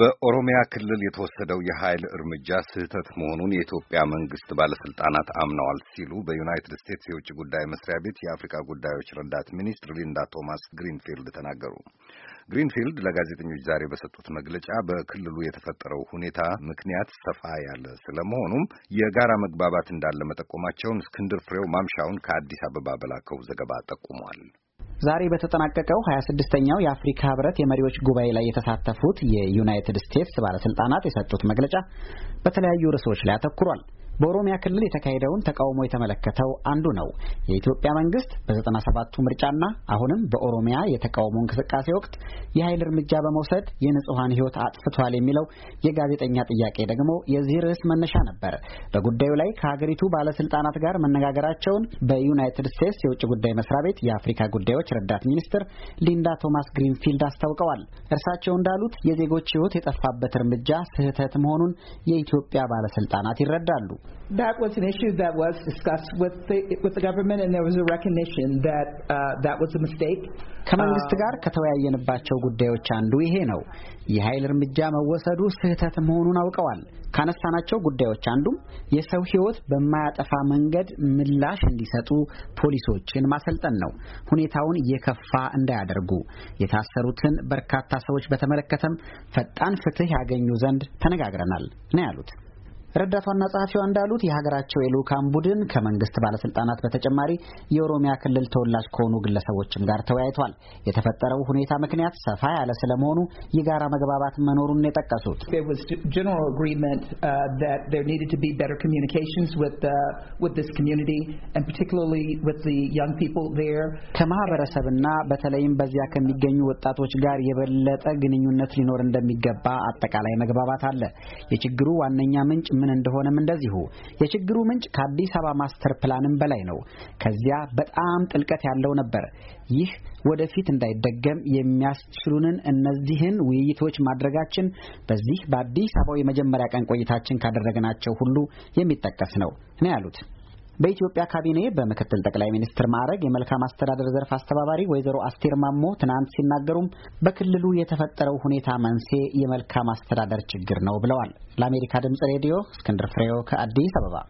በኦሮሚያ ክልል የተወሰደው የኃይል እርምጃ ስህተት መሆኑን የኢትዮጵያ መንግስት ባለስልጣናት አምነዋል ሲሉ በዩናይትድ ስቴትስ የውጭ ጉዳይ መስሪያ ቤት የአፍሪካ ጉዳዮች ረዳት ሚኒስትር ሊንዳ ቶማስ ግሪንፊልድ ተናገሩ። ግሪንፊልድ ለጋዜጠኞች ዛሬ በሰጡት መግለጫ በክልሉ የተፈጠረው ሁኔታ ምክንያት ሰፋ ያለ ስለመሆኑም የጋራ መግባባት እንዳለ መጠቆማቸውን እስክንድር ፍሬው ማምሻውን ከአዲስ አበባ በላከው ዘገባ ጠቁሟል። ዛሬ በተጠናቀቀው 26ኛው የአፍሪካ ህብረት የመሪዎች ጉባኤ ላይ የተሳተፉት የዩናይትድ ስቴትስ ባለስልጣናት የሰጡት መግለጫ በተለያዩ ርዕሶች ላይ አተኩሯል። በኦሮሚያ ክልል የተካሄደውን ተቃውሞ የተመለከተው አንዱ ነው። የኢትዮጵያ መንግስት በዘጠና ሰባቱ ምርጫና አሁንም በኦሮሚያ የተቃውሞ እንቅስቃሴ ወቅት የኃይል እርምጃ በመውሰድ የንጹሐን ህይወት አጥፍቷል የሚለው የጋዜጠኛ ጥያቄ ደግሞ የዚህ ርዕስ መነሻ ነበር። በጉዳዩ ላይ ከሀገሪቱ ባለስልጣናት ጋር መነጋገራቸውን በዩናይትድ ስቴትስ የውጭ ጉዳይ መስሪያ ቤት የአፍሪካ ጉዳዮች ረዳት ሚኒስትር ሊንዳ ቶማስ ግሪንፊልድ አስታውቀዋል። እርሳቸው እንዳሉት የዜጎች ህይወት የጠፋበት እርምጃ ስህተት መሆኑን የኢትዮጵያ ባለስልጣናት ይረዳሉ። That was an issue that was discussed with the, with the government and there was a recognition that uh, that was a mistake. ከመንግስት uh, ጋር ከተወያየንባቸው ጉዳዮች አንዱ ይሄ ነው። የኃይል እርምጃ መወሰዱ ስህተት መሆኑን አውቀዋል። ካነሳናቸው ጉዳዮች አንዱም የሰው ሕይወት በማያጠፋ መንገድ ምላሽ እንዲሰጡ ፖሊሶችን ማሰልጠን ነው፣ ሁኔታውን የከፋ እንዳያደርጉ። የታሰሩትን በርካታ ሰዎች በተመለከተም ፈጣን ፍትህ ያገኙ ዘንድ ተነጋግረናል ነው ያሉት። ረዳቷና ዋና ጸሐፊዋ እንዳሉት የሀገራቸው የልዑካን ቡድን ከመንግስት ባለስልጣናት በተጨማሪ የኦሮሚያ ክልል ተወላጅ ከሆኑ ግለሰቦችም ጋር ተወያይቷል። የተፈጠረው ሁኔታ ምክንያት ሰፋ ያለ ስለመሆኑ የጋራ መግባባት መኖሩን የጠቀሱት uh, ከማህበረሰብና በተለይም በዚያ ከሚገኙ ወጣቶች ጋር የበለጠ ግንኙነት ሊኖር እንደሚገባ አጠቃላይ መግባባት አለ። የችግሩ ዋነኛ ምንጭ ምን እንደሆነም እንደዚሁ። የችግሩ ምንጭ ከአዲስ አበባ ማስተር ፕላንም በላይ ነው። ከዚያ በጣም ጥልቀት ያለው ነበር። ይህ ወደፊት እንዳይደገም የሚያስችሉንን እነዚህን ውይይቶች ማድረጋችን በዚህ በአዲስ አበባው የመጀመሪያ ቀን ቆይታችን ካደረግናቸው ሁሉ የሚጠቀስ ነው ነው ያሉት። በኢትዮጵያ ካቢኔ በምክትል ጠቅላይ ሚኒስትር ማዕረግ የመልካም አስተዳደር ዘርፍ አስተባባሪ ወይዘሮ አስቴር ማሞ ትናንት ሲናገሩም በክልሉ የተፈጠረው ሁኔታ መንስኤ የመልካም አስተዳደር ችግር ነው ብለዋል። ለአሜሪካ ድምጽ ሬዲዮ እስክንድር ፍሬው ከአዲስ አበባ